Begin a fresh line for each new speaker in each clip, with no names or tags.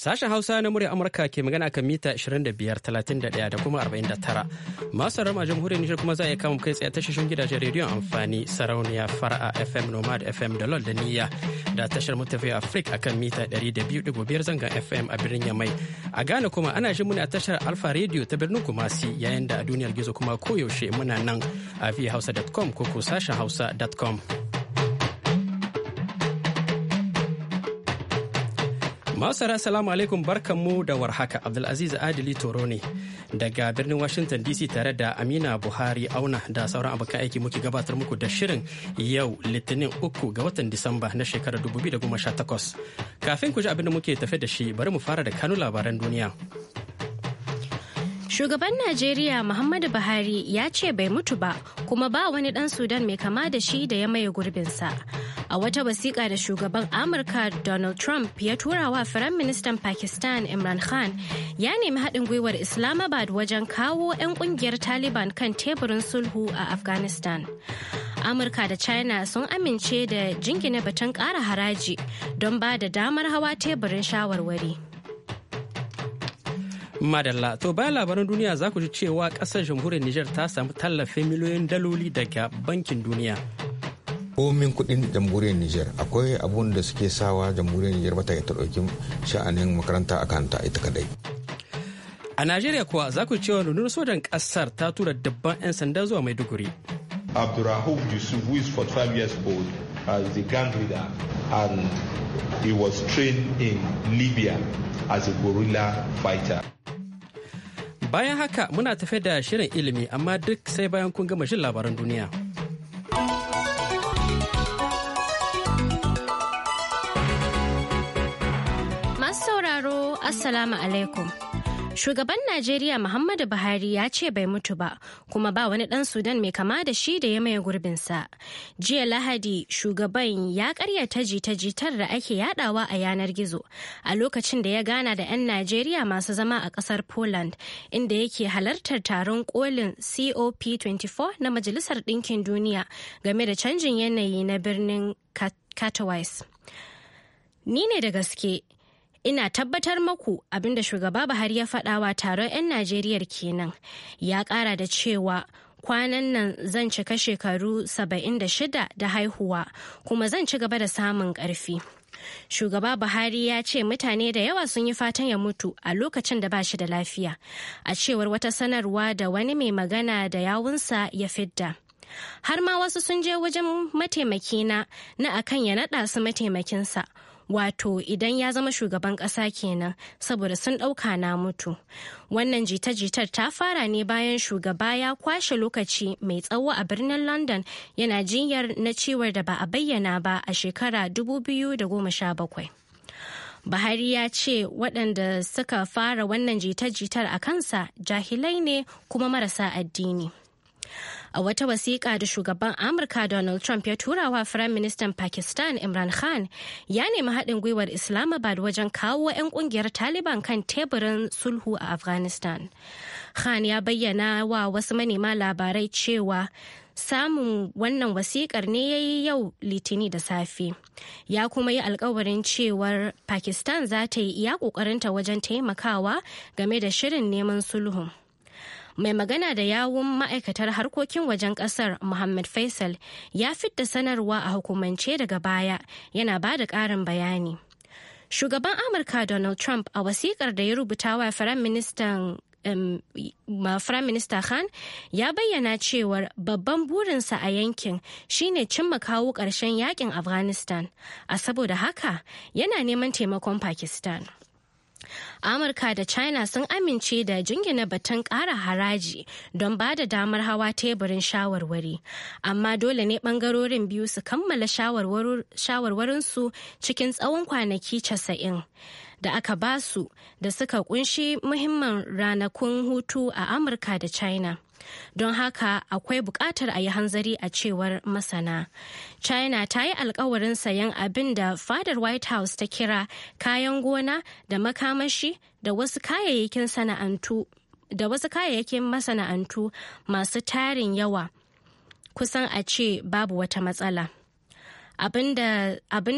Sashen Hausa na murya Amurka ke magana kan mita 25,31 da kuma 49. Masu rama jamhuriyar Nijar kuma za a iya kama kai tsaye tashoshin gidajen rediyon amfani sarauniya fara'a FM Nomad FM da LOL da Niyya da tashar mutafiya Afrik akan mita 200.5 zanga FM a birnin Yamai. A Ghana kuma ana shi a tashar Alfa Radio ta birnin Kumasi yayin da a duniyar gizo kuma koyaushe muna nan a vhausa.com ko ko sashen hausa.com. Masara salamu alaikum barkanmu da warhaka Abdulaziz Adili Toro ne daga birnin Washington DC tare da Amina Buhari Auna da sauran abokan aiki muke gabatar muku da shirin yau Litinin uku ga watan Disamba na shekarar 2018. Kafin ku ji abin da muke tafe da shi bari mu fara da kanu labaran duniya.
Shugaban Najeriya Muhammadu Buhari ya ce bai mutu ba kuma ba wani ɗan Sudan mai kama da shi da ya maye gurbinsa. A wata wasiƙa da shugaban Amurka Donald Trump ya tura wa Firan Ministan Pakistan Imran Khan ya nemi haɗin gwiwar Islamabad wajen kawo 'yan ƙungiyar Taliban kan teburin sulhu a Afghanistan. Amurka da China sun amince da jingina batun ƙara haraji don ba da damar hawa teburin shawarwari.
Madalla, to bayan labaran duniya za ku ji cewa ƙasar jamhuriyar Nijar ta samu tallafin miliyoyin daloli
daga bankin duniya. komin kuɗin jamhuriyar Nijar akwai abun da suke sawa jamhuriyar Nijar bata ta ɗauki sha'anin makaranta a kanta ita kadai.
A Najeriya kuwa za ku cewa rundunar sojan ƙasar ta tura dabban 'yan sanda zuwa Maiduguri.
Abdurrahman Yusuf, who is 45 years old, as uh, the gang leader and he was trained in Libya as a guerrilla fighter.
Bayan haka muna tafe da shirin ilimi amma duk sai bayan kun gama shin labaran duniya.
Masu sauraro, Assalamu alaikum. Shugaban Najeriya Muhammadu Buhari ya ce bai mutu ba, kuma ba wani ɗan Sudan mai kama da shi da ya maye gurbinsa. Jiya Lahadi, shugaban ya karyata jita-jitar da ake yadawa a yanar gizo a lokacin da ya gana da 'yan Najeriya masu zama a ƙasar Poland, inda yake halartar taron kolin COP24 na Majalisar Ɗinkin Duniya game da canjin yanayi na birnin Katowice. Ni ne da gaske ina tabbatar maku abinda shugaba buhari ya faɗawa taron 'yan najeriya kenan ya ƙara da cewa kwanan nan zan cika shekaru 76 da haihuwa kuma zan ci gaba da samun ƙarfi shugaba buhari ya ce mutane da yawa sun yi fatan ya mutu a lokacin da ba shi da lafiya a cewar wata sanarwa da wani mai magana da yawunsa ya fidda har ma wasu sun je wajen mataimakina na akan ya naɗa su mataimakinsa wato idan ya zama shugaban ƙasa kenan saboda sun ɗauka na mutu wannan jita-jitar ta fara ne bayan shugaba ya kwashe lokaci mai tsawo a birnin london yana jinyar na ciwar da ba a bayyana ba a shekara 2017 Buhari ya ce waɗanda suka fara wannan jita-jitar a kansa jahilai ne kuma marasa addini. A wata wasiƙa da shugaban Amurka Donald Trump ya turawa Firayim Ministan Pakistan Imran Khan ya nemi haɗin gwiwar Islamabad wajen kawo 'yan ƙungiyar Taliban kan teburin sulhu a Afghanistan. Khan ya bayyana wa wasu manema labarai cewa samun wannan wasiƙar ne ya yi yau litini da safe ya kuma yi alkawarin cewar pakistan za ta yi iya kokarinta wajen taimakawa game da shirin neman sulhu. mai magana da yawun ma'aikatar harkokin wajen kasar muhammad faisal ya fitta sanarwa a hukumance daga baya yana ba da ƙarin bayani shugaban amurka donald trump a wasikar da ya rubuta wa firaministan um, Firaminista Khan ya bayyana cewar babban burinsa a yankin shine cimma kawo ƙarshen yakin Afghanistan, a saboda haka yana neman taimakon Pakistan. Amurka da China sun amince da jingina batun ƙara haraji don ba da damar hawa teburin shawarwari. Amma dole ne ɓangarorin biyu su kammala shawarwarinsu cikin tsawon kwanaki casa'in. Da aka basu da suka kunshi muhimman ranakun hutu a Amurka da China. don haka akwai buƙatar a yi hanzari a cewar masana china ta yi alkawarin sayan abin da fadar white house ta kira kayan gona da makamashi da wasu kayayyakin sana'antu da wasu kayayyakin masana'antu masu tarin yawa kusan a ce babu wata matsala abin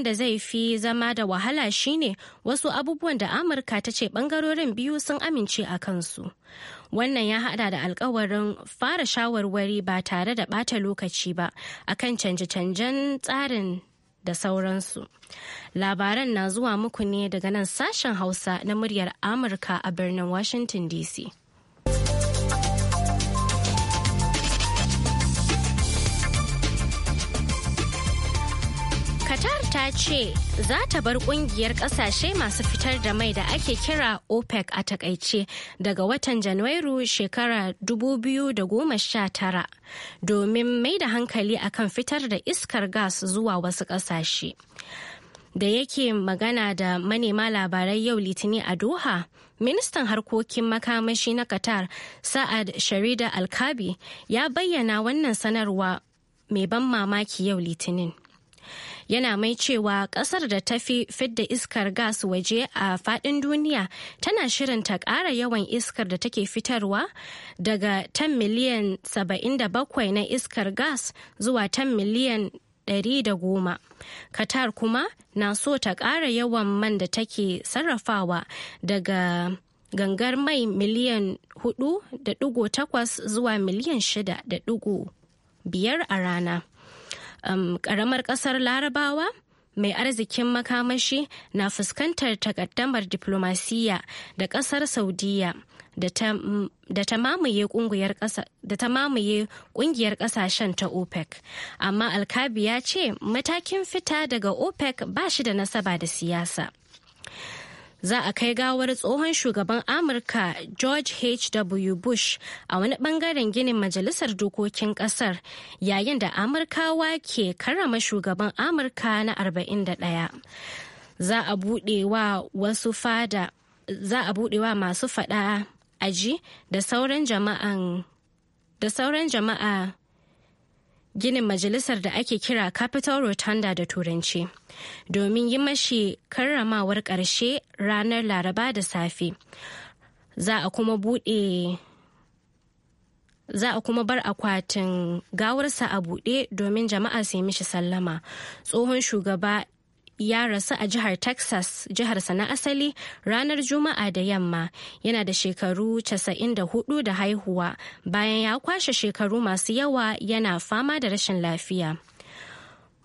da zai fi zama da wahala shine wasu abubuwan da amurka ta ce bangarorin biyu sun amince a kansu Wannan ya hada da alkawarin fara shawarwari ba tare da bata lokaci ba akan canje-canjen tsarin da sauransu. Labaran na zuwa muku ne daga nan sashen Hausa na muryar Amurka a birnin Washington DC. ta ce za ta bar kungiyar kasashe masu fitar da mai da ake kira OPEC a takaice daga watan Janairu shekara 2019 domin mai da hankali akan fitar da iskar gas zuwa wasu kasashe. Da yake magana da manema labarai yau litini a Doha, ministan harkokin makamashi na Qatar Sa'ad Sharida Alkabi ya bayyana wannan sanarwa mai ban mamaki yau litinin. yana mai cewa kasar da ta fi fidda iskar gas waje a fadin duniya tana shirin ta ƙara yawan iskar da take fitarwa daga 10 miliyan 77 na iskar gas zuwa 10 miliyan 110. Qatar kuma na so ta ƙara yawan man da take sarrafawa daga gangar mai miliyan 4.8 zuwa miliyan 6.5 a rana. um, ƙaramar ƙasar larabawa mai arzikin makamashi na fuskantar takaddamar diplomasiya da ƙasar saudiya da ta mamaye kungiyar kasashen ta opec amma alkabi ya ce matakin fita daga opec ba shi da nasaba da siyasa za a kai gawar tsohon shugaban amurka george h.w bush a wani bangaren ginin majalisar dokokin kasar yayin da amurkawa ke karrama shugaban amurka na 41 za a buɗe wa masu fada aji da sauran jama'a ginin majalisar da ake kira Capital Rotunda da Turanci, domin yi mashi karramawar ƙarshe ranar Laraba da safe. Za a kuma buɗe za a kuma bar akwatin gawarsa a buɗe domin jama'a su yi mishi sallama tsohon shugaba ya rasu a jihar Texas, jiharsa na asali ranar Juma'a da yamma. Yana da shekaru 94 da haihuwa bayan ya kwashe shekaru masu yawa yana fama da rashin lafiya.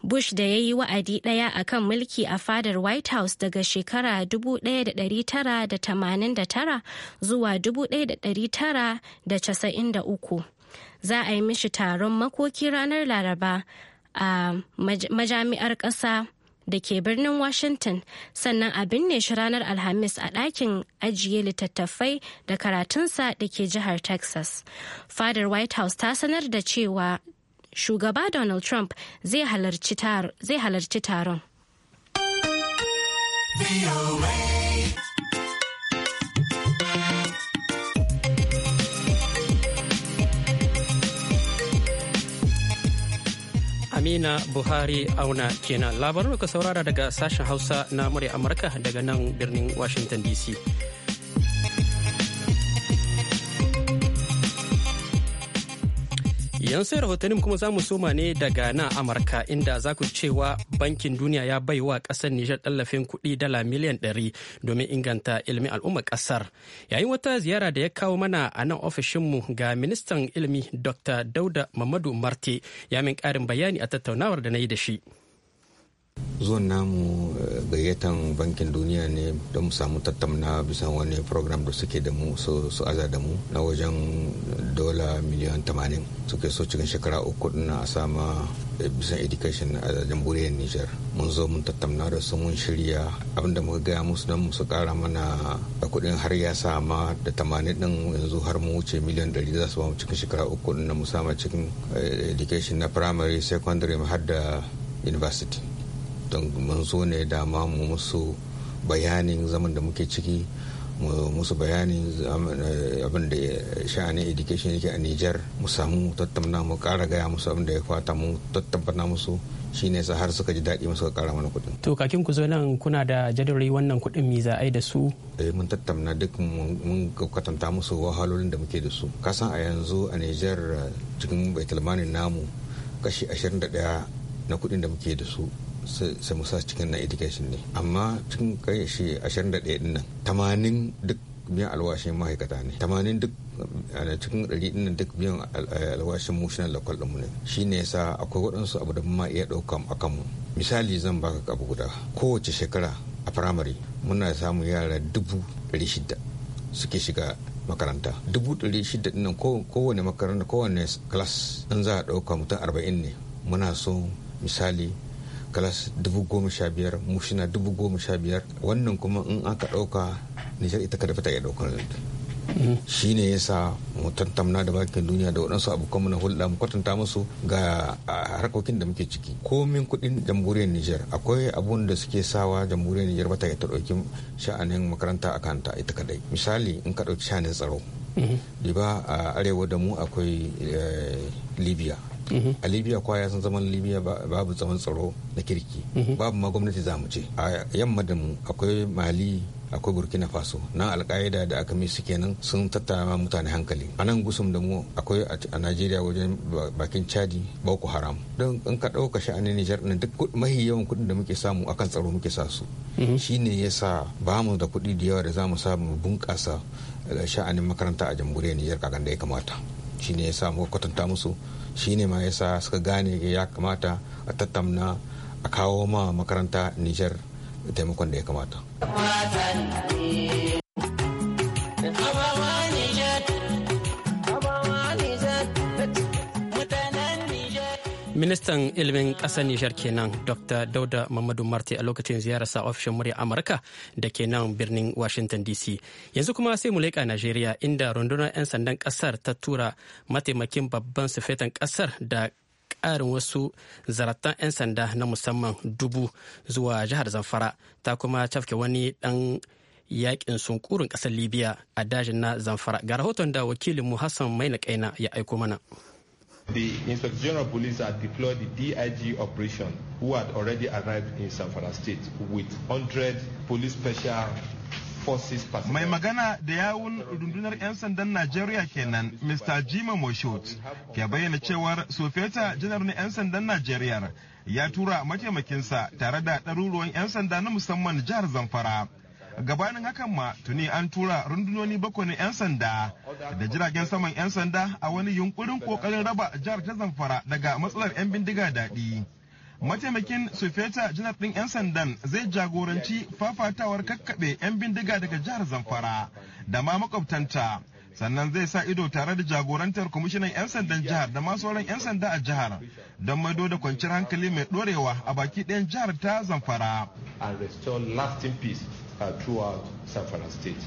Bush da ya yi wa'adi ɗaya a kan mulki a fadar White House daga shekara 1989 zuwa 1993. Za a yi mishi taron makoki ranar Laraba a majami'ar ƙasa da ke birnin Washington sannan a binne shi ranar Alhamis a ɗakin ajiye littattafai da karatunsa da ke jihar Texas. Fadar White House ta sanar da cewa shugaba Donald Trump zai halarci taron.
Amina Buhari auna kenan labarin da ka saurara daga sashen Hausa na murya Amurka daga nan birnin Washington DC. yan sai rahotannin kuma za mu soma ne daga na Amurka inda za ku cewa bankin duniya ya bai wa ƙasar Nijar tallafin kuɗi dala miliyan ɗari domin inganta ilimin al'ummar ƙasar. Yayin wata ziyara da ya kawo mana a nan ofishinmu ga ministan ilimi Dr. Dauda Mamadu marti ya min ƙarin bayani a tattaunawar da na yi da shi.
zuwan namu eh, gayyatan bankin duniya ne don mu samu tattauna bisa wani program da suke da mu su aza da mu na wajen dola miliyan 80 suke so cikin shekara uku na a sama eh, bisan education a jamhuriyar niger mun zo mun tattauna da su mun shirya abinda muka gaya musu don su kara mana da kudin har ya sama da tamanin din yanzu har mu wuce miliyan 100 za su ba mu cikin shekara uku na musamman cikin eh, education na primary secondary har da university mun zo ne dama mu musu bayanin zaman da muke ciki musu bayanin eh, abin da sha'anin education yake a Nijar mu samu tattamna mu kara gaya musu abin da ya fata mu tattauna musu shine sa har suka ji daɗi masu kara mana kuɗin.
To kakin ku zo nan kuna da jadawali wannan kuɗin mi za a yi da su?
Eh mun tattamna duk mun kwatanta musu wahalolin da muke da su. Kasan a yanzu a Nijar eh, cikin baitulmanin namu kashi 21 na kuɗin da muke da su sai musa cikin na education ne amma cikin shi 21 din nan tamanin duk biyan alwashin ma'aikata ne tamanin duk a cikin ɗari ɗin duk biyan eh, alwashin mushinan lokal ɗinmu ne shi ne yasa akwai waɗansu abu da ma iya ɗaukan a kanmu misali zan baka abu guda kowace shekara a firamare muna samun yara dubu ɗari shida suke shiga makaranta dubu ɗari shida ɗin kowane makaranta kowane class in za a ɗauka mutum arba'in ne muna so misali kalas dubu goma sha biyar mushina dubu goma sha biyar wannan kuma in aka ɗauka nijar ita ka dafa ta iya ɗaukar mm. shi ne ya sa mu tantamna da bakin duniya da waɗansu mu na hulɗa mu kwatanta musu ga harkokin da muke ciki komin kuɗin jamhuriyar Nijar akwai abun da suke sawa jamhuriyar Nijar bata ta ɗauki sha'anin makaranta a kanta ita kadai misali in ka ɗauki sha'anin tsaro mm-hmm. diba a arewa da mu akwai eh, libya Mhm. a libya ya san zaman libya babu zaman tsaro na kirki mhm. babu ma gwamnati za mu ce a yamma da mu akwai mali akwai burkina faso nan alka'ida da aka mai suke sun tattara mutane hankali a nan gusum da mu akwai a najeriya wajen bakin chadi boko haram don in ka ɗauka sha'anin nijar na duk mahi yawan kuɗin da muke samu akan tsaro muke sa su mhm. Shi shine yasa ba mu da kuɗi da yawa da za mu samu bunƙasa eh, sha'anin makaranta a jamhuriyar nijar kakan da ya kamata shine ya sa muka kwatanta musu shine ma ya sa suka gane ya kamata a tattamna a kawo ma makaranta Nijar taimakon da ya kamata.
ministan ilimin ƙasar nijar kenan dr dauda mamadu marti a lokacin ziyararsa ofishin murya amurka da ke nan birnin washington dc yanzu kuma sai mu leƙa najeriya inda rundunar 'yan sandan ƙasar ta tura mataimakin babban sufetan ƙasar da ƙarin wasu zaratan 'yan sanda na musamman dubu zuwa jihar zamfara ta kuma cafke wani ɗan yakin sunkurin ƙasar libya a dajin na zamfara ga rahoton da wakilin mu hassan Mainakaina ya aiko mana
The Inspector General Police had deployed the DIG operation who had already arrived in samfara State with 100 police special Mai magana da yawun rundunar 'yan sandan Najeriya kenan Mr. Jima Moshot ke bayyana cewar Sofeta janar na 'yan sandan Najeriya ya tura mataimakinsa tare da ɗaruruwan 'yan sanda na musamman jihar Zamfara. gabanin hakan ma tuni an tura rundunoni bakwai na 'yan sanda da jiragen saman 'yan sanda a wani yunkurin kokarin raba jihar ta zamfara daga matsalar 'yan bindiga daɗi mataimakin sufeta jinar ɗin 'yan sandan zai jagoranci fafatawar kakkaɓe 'yan bindiga daga jihar zamfara da ma makwabtanta sannan zai sa ido tare da jagorantar kwamishinan 'yan sandan jihar da ma sauran 'yan sanda a jihar don maido da kwanciyar hankali mai ɗorewa a baki ɗayan jihar ta zamfara. uh, throughout state.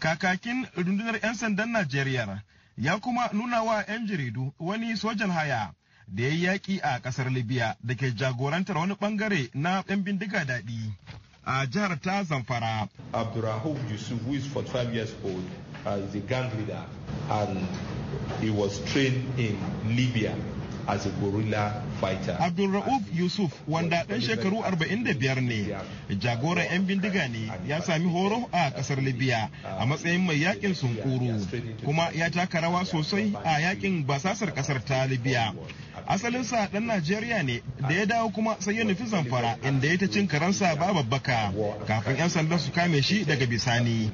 Kakakin rundunar 'yan sandan Najeriya ya kuma nuna wa 'yan jaridu wani sojan haya da ya yi yaƙi a ƙasar Libya da ke jagorantar wani ɓangare na 'yan bindiga daɗi. A jihar ta Zamfara. Abdurrahuf Yusuf, who is 45 years old, uh, is a gang leader and he was trained in Libya as a guerrilla Abdulra'uf Yusuf wanda ɗan shekaru 45 ne jagoran 'yan bindiga ne ya sami horo a ƙasar Libya a matsayin mai yakin sunkuru kuma ya taka rawa sosai a yakin basasar ƙasar ta Libya. asalinsa ɗan Najeriya ne da ya dawo kuma sai ya nufi zamfara inda ya ta cin karansa ba babbaka kafin 'yan sanda su kame shi daga bisani.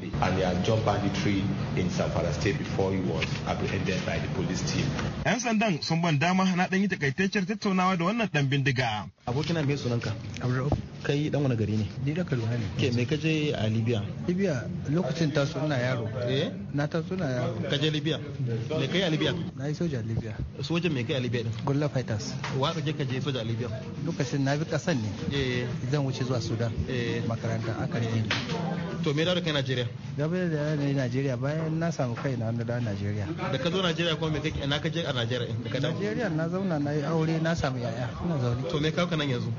Yan sandan sun ban dama na ɗan yi takaitaccen tattauna tattaunawa da wannan dan bindiga. Abokina mai sunanka?
Abdur'uf. Kai dan wani gari ne? Ni da Kaduna ne. Ke me kaje a Libya? Libya lokacin taso ina yaro. Eh? Na taso ina yaro. Ka je Libya?
Me kai a Libya?
Na yi soja a Libya. Sojan me kai a Libya din? Gulla fighters. Wa ka je ka je soja a Libya? Lokacin na bi kasan ne. Eh. Zan wuce zuwa Sudan. Eh. Makaranta a rike ni. To me dawo kai Najeriya? Gabe da ne Najeriya bayan na samu kai na da Najeriya.
Da ka zo Najeriya kuma me kai na ka je a Najeriya?
Najeriya na zauna na yi aure na samu samu yaya
ina zaune to me kawo nan yanzu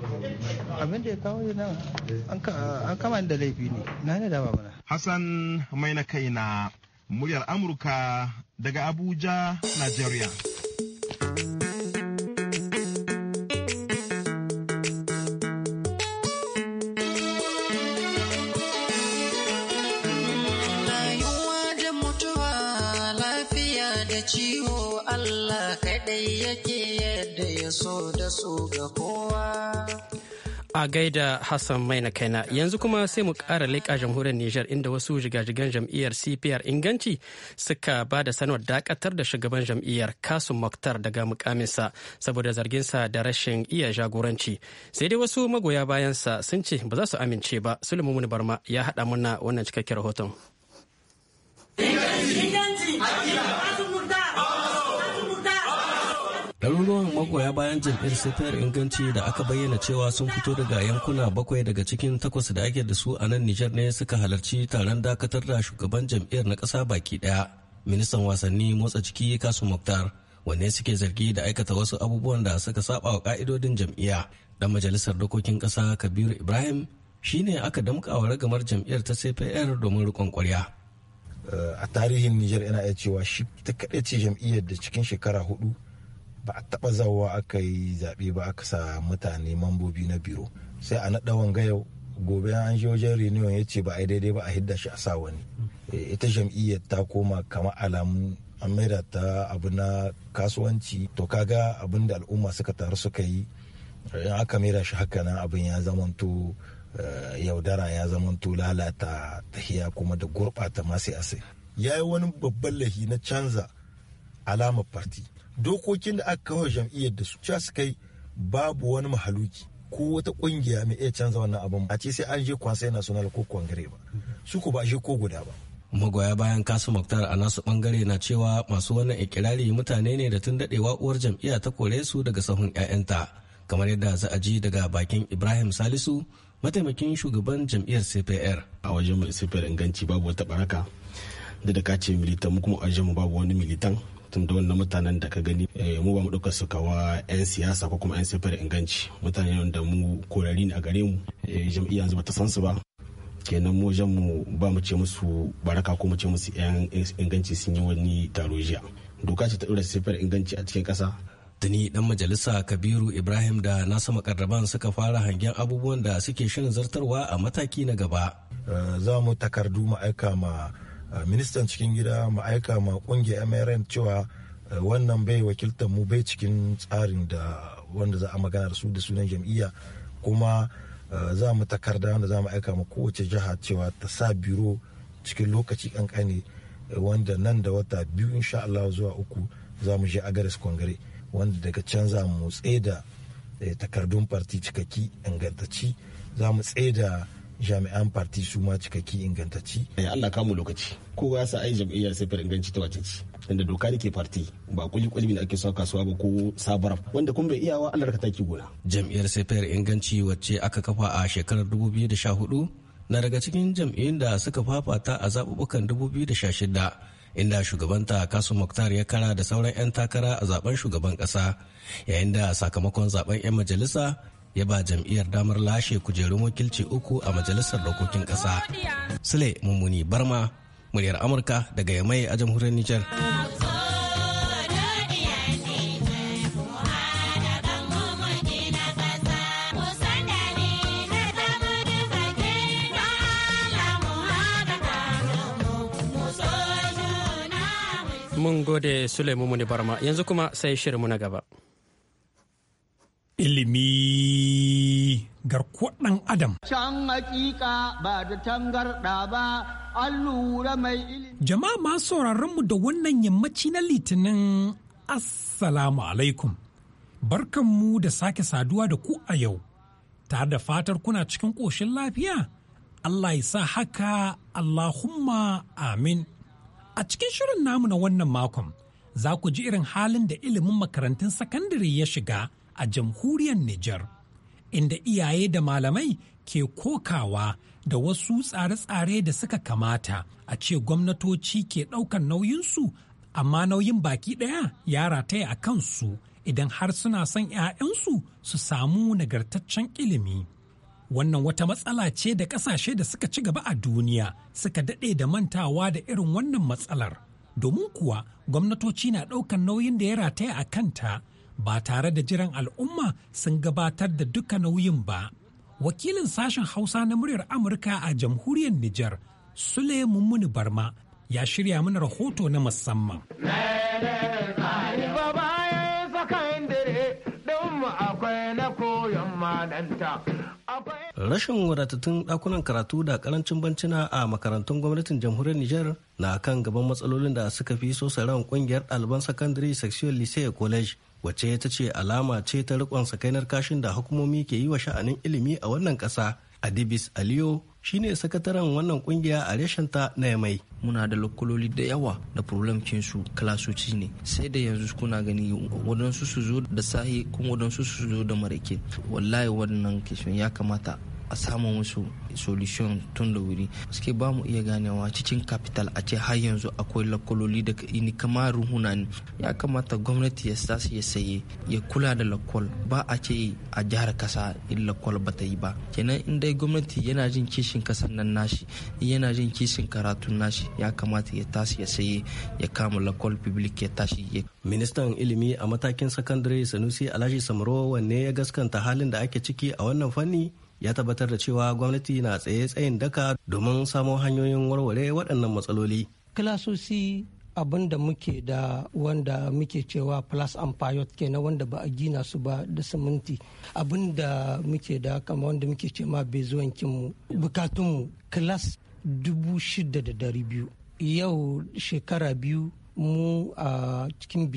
abin da ya kawo ni nan an
kama da laifi ne na ne da babana Hassan mai na kaina muryar Amurka daga Abuja Nigeria
ciwo Allah kaɗai yake da ya so da su ga kowa
a gaida hassan mai na kaina yanzu kuma sai mu kara leƙa jamhuriyar nijar inda wasu jigajigan jam'iyyar cpr inganci suka ba da sanar dakatar da shugaban jam'iyyar kasu muktar daga mukaminsa saboda zarginsa da rashin iya jagoranci sai dai wasu magoya bayansa sun ce ba za su amince ba sulaimu barma ya haɗa mana wannan cikakken rahoton
Ɗaruruwan magoya bayan jam'iyyar CPR inganci da aka bayyana cewa sun fito daga yankuna bakwai daga cikin takwas da ake da su a nan Nijar ne suka halarci taron dakatar da shugaban jam'iyyar na ƙasa baki ɗaya. Ministan wasanni motsa ciki Kasu Muktar wanne suke zargi da aikata wasu abubuwan da suka saba wa ka'idodin jam'iyya. Dan majalisar dokokin ƙasa Kabiru Ibrahim shine aka damƙawa ragamar jam'iyyar ta CPR domin riƙon ƙwarya. Eh, a tarihin Nijar yana iya
cewa shi ta kaɗai ce jam'iyyar da cikin shekara hudu ba a taɓa zawa aka yi zaɓe ba aka sa mutane mambobi na biro sai a naɗa wanga yau gobe an shi wajen reunion ya ce ba a daidai ba a hidda shi a sa wani eh, ita jam'iyyar ta koma kama alamu an maida ta abu na kasuwanci to kaga abin da al'umma suka taru suka yi in aka maida shi haka nan abin ya zamanto eh, yaudara ya zamanto lalata tahiya kuma da gurɓata masu yasai ya yi wani babban lahi na canza alamar farti dokokin da aka kawo jam'iyyar da su cewa su kai babu wani mahaluki ko wata kungiya mai iya canza wannan abin a ce sai an je kwasai national ko kwangare ba su ko ba shi ko guda ba
magoya bayan kasu muktar a nasu bangare na cewa masu wannan ikirari mutane ne da tun dadewa uwar jam'iyya ta kore su daga sahun 'ya'yanta kamar yadda za a ji daga bakin ibrahim salisu mataimakin shugaban jam'iyyar cpr a wajen cpr inganci babu wata baraka da da kace militan mu kuma a
wajen mu babu wani militan tun da wannan mutanen da ka gani eh, mu ba mu ɗaukar su kawa 'yan siyasa ko kuma 'yan sifar inganci mutane da mu korari ne a gare mu eh, jam'iyya yanzu bata san su ba kenan mu wajen mu ba mu ce musu baraka ko mu ce musu 'yan inganci sun yi wani taro jiya doka ce ta ɗora sifar inganci a cikin ƙasa
tuni dan majalisa kabiru ibrahim da nasu makarraban suka fara hangen abubuwan da suke shirin zartarwa a mataki na gaba eh, za mu takardu ma'aika ma Uh, ministan cikin gida mu aika ma
kungiyar mrn cewa uh, wannan bai wakiltar mu bai cikin tsarin da wanda za a magana da su da sunan jam'iyya kuma uh, za mu takarda wanda za mu aika ma kowace jiha cewa ta sa biro cikin lokaci kankani wanda nan da wata biyu insha Allah zuwa uku za mu je agaris kongare wanda daga can za mu tsaida eh, takardun farti cikakki ingantacci za mu tsaida jami'an parti su ma cikakki ingantacci.
Ya eh, Allah kamu lokaci. Kowa ya sa ai jam'iyyar sai fara inganci ta wacece. inda doka ne ke parti ba kuli kuli da ake sa kasuwa ba ko sabar wanda kun bai iyawa
Allah ka taki gona. Jam'iyyar Sefayar Inganci wacce aka kafa a shekarar 2014 na daga cikin jam'iyyun da suka fafata a zaɓuɓɓukan 2016 inda shugabanta kasu maktar ya kara da sauran 'yan takara a zaben shugaban ƙasa yayin da sakamakon zaben 'yan majalisa ya ba jam'iyyar damar lashe kujerun wakilci uku a majalisar dokokin ƙasa. Sule Mummuni Barma, muryar Amurka daga Yamai a jamhuriyar Nijar.
Mun gode Suleiman Muni Barma yanzu kuma sai shirinmu na gaba.
ilimi garkuwar ɗan adam.
Can hakika ba da tangarɗa ba, an lura mai ilimi.
Jama'a ma sauraronmu da wannan yammaci na litinin Assalamu alaikum. Barkanmu da sake saduwa da ku a yau, tare da fatar kuna cikin ƙoshin lafiya. Allah ya sa haka Allahumma amin. A cikin shirin namu na wannan makon, za ku ji irin halin da ilimin makarantun sakandare ya shiga. a jamhuriyar Nijar, inda iyaye da malamai ke kokawa da wasu tsare-tsare da suka kamata a ce gwamnatoci ke ɗaukan nauyinsu amma nauyin baki ɗaya ya rataya a kansu idan har suna son 'ya'yansu su samu nagartaccen ilimi. Wannan wata matsala ce da ƙasashe da suka ci gaba a duniya suka daɗe da mantawa da irin wannan matsalar. Domin kuwa gwamnatoci na ɗaukan nauyin da ya rataya a kanta ba tare da jiran al'umma sun gabatar da duka nauyin ba. Wakilin sashen Hausa na muryar Amurka a jamhuriyar Nijar, Sule Mummuni Barma, ya shirya mana rahoto na musamman.
Rashin wadatattun ɗakunan karatu da karancin bancina a makarantun gwamnatin jamhuriyar Nijar na kan gaban matsalolin da suka fi so ran ƙungiyar ɗaliban sakandare Sexual Lycée College wacce ta ce alama ce ta rikon sakainar kashin da hukumomi ke yi wa sha'anin ilimi a wannan ƙasa adibis aliyo shine
sakataren wannan kungiya a reshenta na yamai muna da lokololi da yawa da problem su kalasoci ne sai da yanzu kuna gani wadansu su zo da sahi kuma wadansu su zo da marake wallahi wannan kishin ya kamata a samu musu solution tun da wuri suke ba mu iya ganewa cikin capital a ce har yanzu akwai lakololi da ini kamar ruhuna ne ya kamata gwamnati ya su ya saye ya kula da lakol ba a ce a jihar kasa in lakol ba ta yi ba kenan in dai gwamnati yana jin kishin kasan nan nashi yana jin kishin karatun nashi ya kamata ya tashi ya saye ya kama lakol public ya tashi ya ministan ilimi a matakin sakandare sanusi alhaji samro
wanne ya gaskanta halin da ake ciki a wannan fanni ya tabbatar da cewa gwamnati na tsaye tsayin daka domin samo hanyoyin warware waɗannan matsaloli.
Kilasosi abin da muke da wanda muke cewa plus and payot kenan wanda ba a gina su ba da siminti abin da muke da kama wanda muke ce ma bezuwankinmu bukatunmu kilas dubu shida da dari biyu yau shekara biyu mu a cikin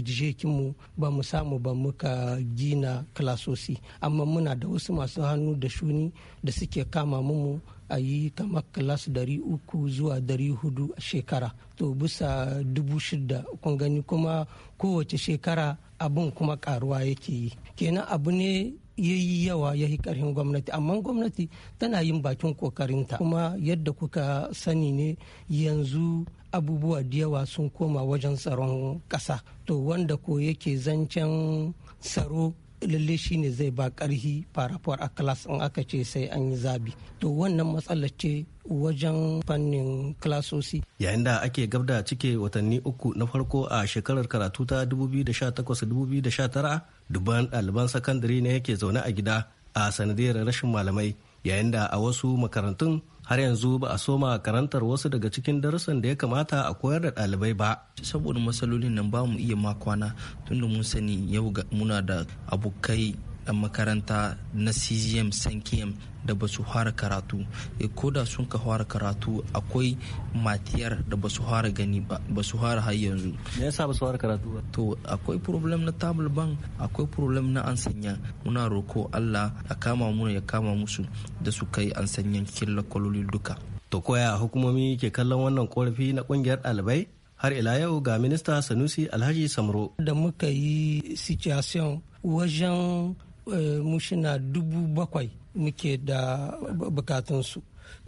mu ba mu samu ba muka gina klasosi amma muna da wasu masu hannu da shuni da suke kama mu a yi kamar dari 300 zuwa 400 a shekara to bisa dubu shida kun gani kuma kowace shekara abin kuma karuwa yake yi kenan abu ne ya yi yawa ya yi karhin gwamnati amma gwamnati tana yin bakin kokarinta kuma yadda kuka sani ne yanzu abubuwa da yawa sun koma wajen tsaron ƙasa to wanda ko yake zancen tsaro lalle shi ne zai ba karhi farafuwar a class in aka ce sai an yi zabi to wannan matsalar ce wajen fannin klasosi
yayin da ake gabda cike watanni uku na farko a shekarar karatu ta 2018-2019 dubban ɗaliban sakandare ne yake zaune a gida a sanadiyar rashin malamai yayin da a wasu makarantun har
yanzu ba a soma karantar wasu daga cikin darussan da ya kamata a koyar da ɗalibai ba. Saboda matsalolin nan ba mu iya makwana tunda mun sani yau muna da abokai 'yan makaranta na cgm sankiyam da ba su fara karatu e, ko da sun ka fara karatu akwai matiyar da ba su fara gani ba ba su fara har yanzu me yasa ba su fara karatu ba to akwai problem na tabul bank akwai problem na an sanya muna roko Allah ya kama mu ya kama musu da su kai ansanyan killa kololi duka to koya hukumomi ke kallon wannan korafi na kungiyar ɗalibai har ila yau ga
minista sanusi alhaji samro
da muka yi situation wajen Eh, mushina dubu bakwai muke da bukatunsu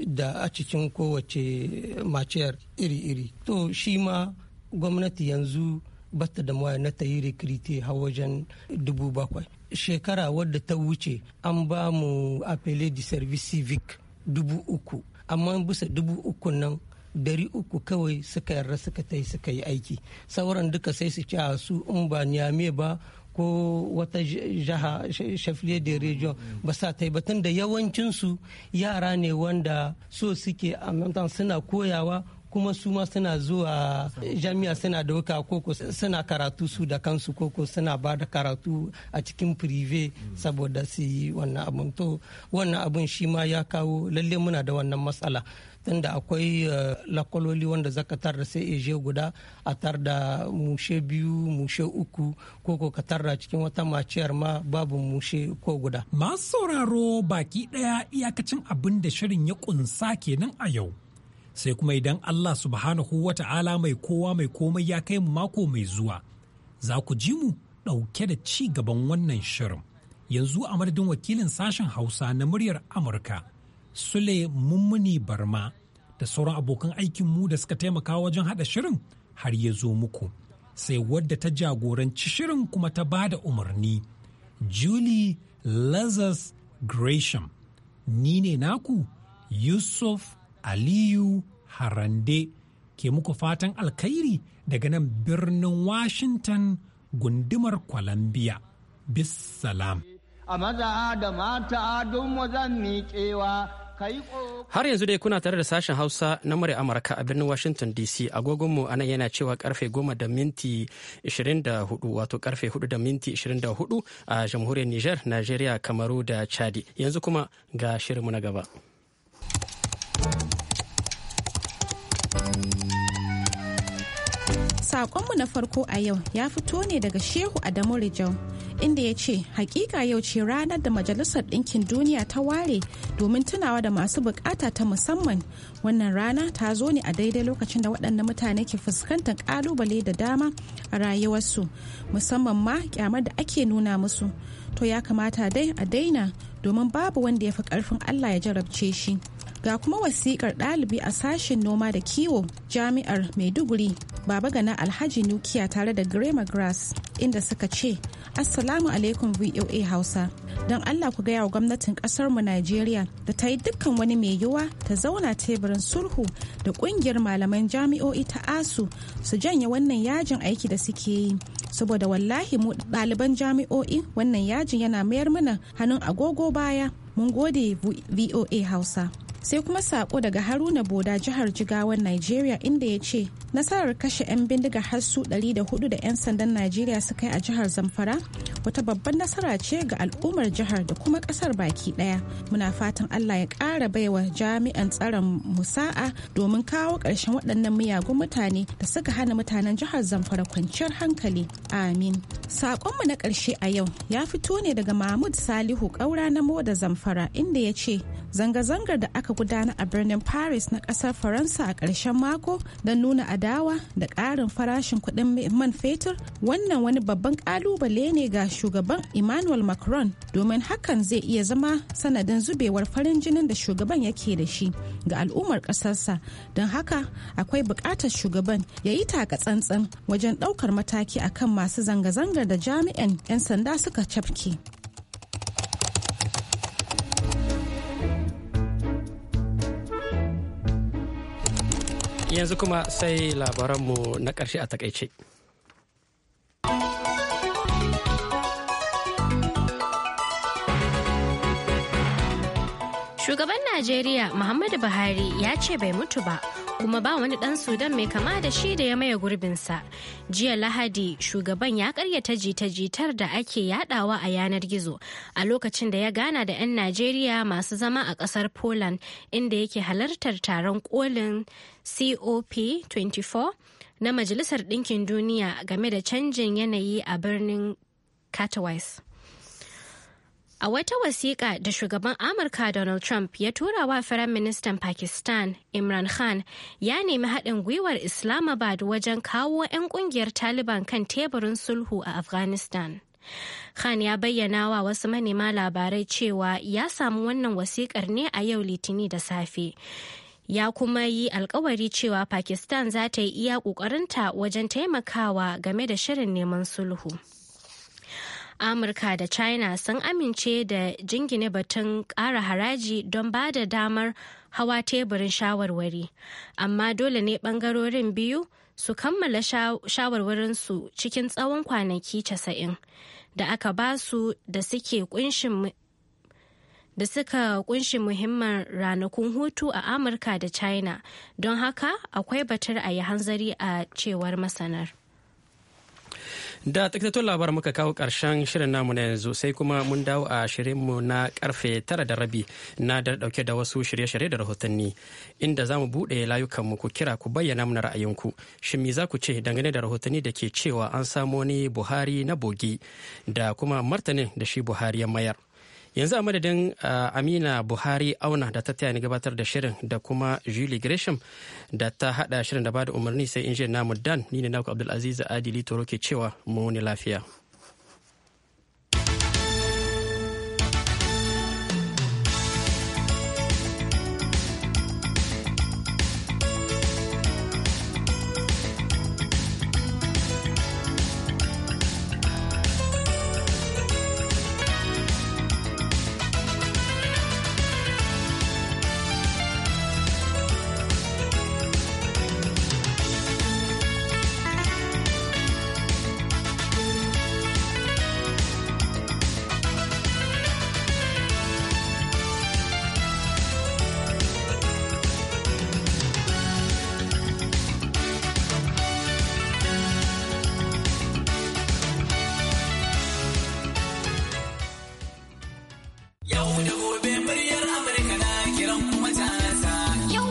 da a cikin kowace maciyar iri-iri to shi ma gwamnati yanzu bata da na ta yi rikiriti wajen dubu bakwai shekara wadda ta wuce an ba mu apele di service civic dubu uku amma bisa dubu uku nan dari uku kawai suka yarda suka ta suka yi aiki sauran duka sai su ci a su in ba niyame ba ko wata jaha shafle da region ba sa ta yi batun da yawancinsu yara ne wanda so suke amintan suna koyawa kuma su ma suna zuwa jami'a suna dauka koko suna karatu su da kansu koko suna ba da karatu a cikin prive saboda su yi wannan abun to wannan abun shi ma ya kawo lalle muna da wannan matsala tunda akwai eh, lakwaloli wanda zaka tarda sai eje guda a tarda mushe biyu mushe uku ko ko ka tarda cikin wata maciyar ma babu mushe ko guda masu sauraro baki daya iyakacin abin da shirin ya kunsa
kenan a yau sai kuma idan Allah subhanahu wa ta'ala mai kowa mai komai ya kai mu mako mai zuwa za ku ji mu ɗauke da ci gaban wannan shirin yanzu a madadin wakilin sashen hausa na muryar amurka Sule Mummuni Barma da sauran abokan aikinmu da suka taimaka wajen haɗa shirin har ya zo muku. Sai wadda ta jagoranci shirin kuma ta ba da umarni. Julie Lazarus Gresham. Ni ne naku Yusuf Aliyu Harande ke muku fatan alkhairi daga nan birnin Washington gundumar Columbia. Bis salam.
A maza da mata don mu zan miƙewa
Har yanzu dai
kuna tare da sashen Hausa na murya Amurka a birnin Washington DC agogonmu a nan yana cewa karfe 10 da minti 24 wato karfe 4 da minti 24 a jamhuriyar Nijar, Najeriya, Kamaru da Chadi. Yanzu kuma ga shirinmu na gaba.
Sakonmu na farko a yau ya fito ne daga Shehu Adamu Rijau inda ya ce hakika yau ce ranar da Majalisar Ɗinkin Duniya ta ware domin tunawa da masu bukata ta musamman. Wannan rana ta zo ne a daidai lokacin da waɗannan mutane ke fuskantar ƙalubale da dama a rayuwarsu musamman ma kyamar da ake nuna musu. To ya kamata dai a daina domin babu wanda ya fi ƙarfin Allah ya jarabce shi. Ga kuma wasiƙar ɗalibi a sashen noma da kiwo jami'ar Maiduguri Baba Gana Alhaji Nukiya tare da Grema Grass inda suka ce, Assalamu alaikum VOA Hausa. Don Allah ku gaya wa gwamnatin mu nigeria da ta yi dukkan wani mai yiwuwa ta zauna teburin sulhu da ƙungiyar malaman jami'o'i ta ASU su janye wannan yajin aiki da suke yi. Saboda wallahi mu ɗaliban jami'o'i wannan yajin yana mayar mana hannun agogo baya. Mun gode VOA Hausa. sai kuma sako daga haruna boda jihar jigawan nigeria inda ya ce nasarar kashe 'yan bindiga har su 104 da 'yan sandan nigeria suka yi a jihar zamfara wata babban nasara ce ga al'ummar jihar da kuma kasar baki daya muna fatan allah ya kara baiwa jami'an tsaron musa'a domin kawo karshen waɗannan miyagun mutane da suka hana mutanen jihar zamfara kwanciyar hankali amin saƙonmu na ƙarshe a yau ya fito ne daga mahmud salihu ƙaura na moda zamfara inda ya ce zanga-zangar da aka gudana a birnin paris na kasar faransa a ƙarshen mako don nuna adawa da ƙarin farashin kuɗin man fetur wannan wani babban ƙalubale ne ga shugaban emmanuel macron domin hakan zai iya zama sanadin zubewar farin jinin da shugaban yake da shi ga al'ummar ƙasarsa don haka akwai buƙatar shugaban ya yi taka tsantsan wajen ɗaukar mataki akan masu zanga-zangar da jami'an 'yan sanda suka cafke.
yanzu kuma sai labaranmu na ƙarshe a takaice.
Shugaban Najeriya Muhammadu Buhari ya ce bai mutu ba, kuma ba wani ɗan Sudan mai kama da shi da ya maye gurbinsa. Jiya Lahadi, shugaban ya karyata jita-jitar da ake yadawa a yanar gizo a lokacin da ya gana da 'yan Najeriya masu zama a ƙasar Poland inda yake halartar taron kolin COP24 na Majalisar Ɗinkin Duniya game da canjin yanayi a birnin Katowice. A wata wasiƙa da shugaban Amurka Donald Trump ya tura wa Firaministan Pakistan Imran Khan ya nemi haɗin gwiwar Islamabad wajen kawo 'yan ƙungiyar Taliban kan teburin sulhu a Afghanistan. Khan ya bayyana wa wasu manema labarai cewa ya samu wannan wasiƙar ne a yau Litini da safe. Ya kuma yi alkawari cewa Pakistan za ta yi iya ƙoƙarinta wajen taimakawa game da shirin neman sulhu. amurka da china sun amince da jingine batun ƙara haraji don ba da damar hawa teburin shawarwari amma dole ne ɓangarorin biyu su kammala shawarwarinsu cikin tsawon kwanaki casa'in da aka ba su da suke kunshin da suka kunshi muhimman ranakun hutu a amurka da china don haka akwai batar a yi hanzari a cewar masanar
Da takitattun labaran muka kawo ƙarshen shirin namu na yanzu sai kuma mun dawo a shirinmu na karfe tara da rabi na da dauke da wasu shirye-shirye da rahotanni inda za mu buɗe layukanmu ku kira ku bayyana mana ra'ayinku. Shin me za ku ce dangane da rahotanni da ke cewa an samo ni Buhari na bogi da kuma martanin da shi Buhari ya mayar. yanzu a madadin uh, amina buhari auna da ta ni gabatar da shirin da kuma julie gresham da ta hada shirin da bada umarni sai injiyar namu dan ni ne naku abdulaziz adili toro ke cewa mu ne lafiya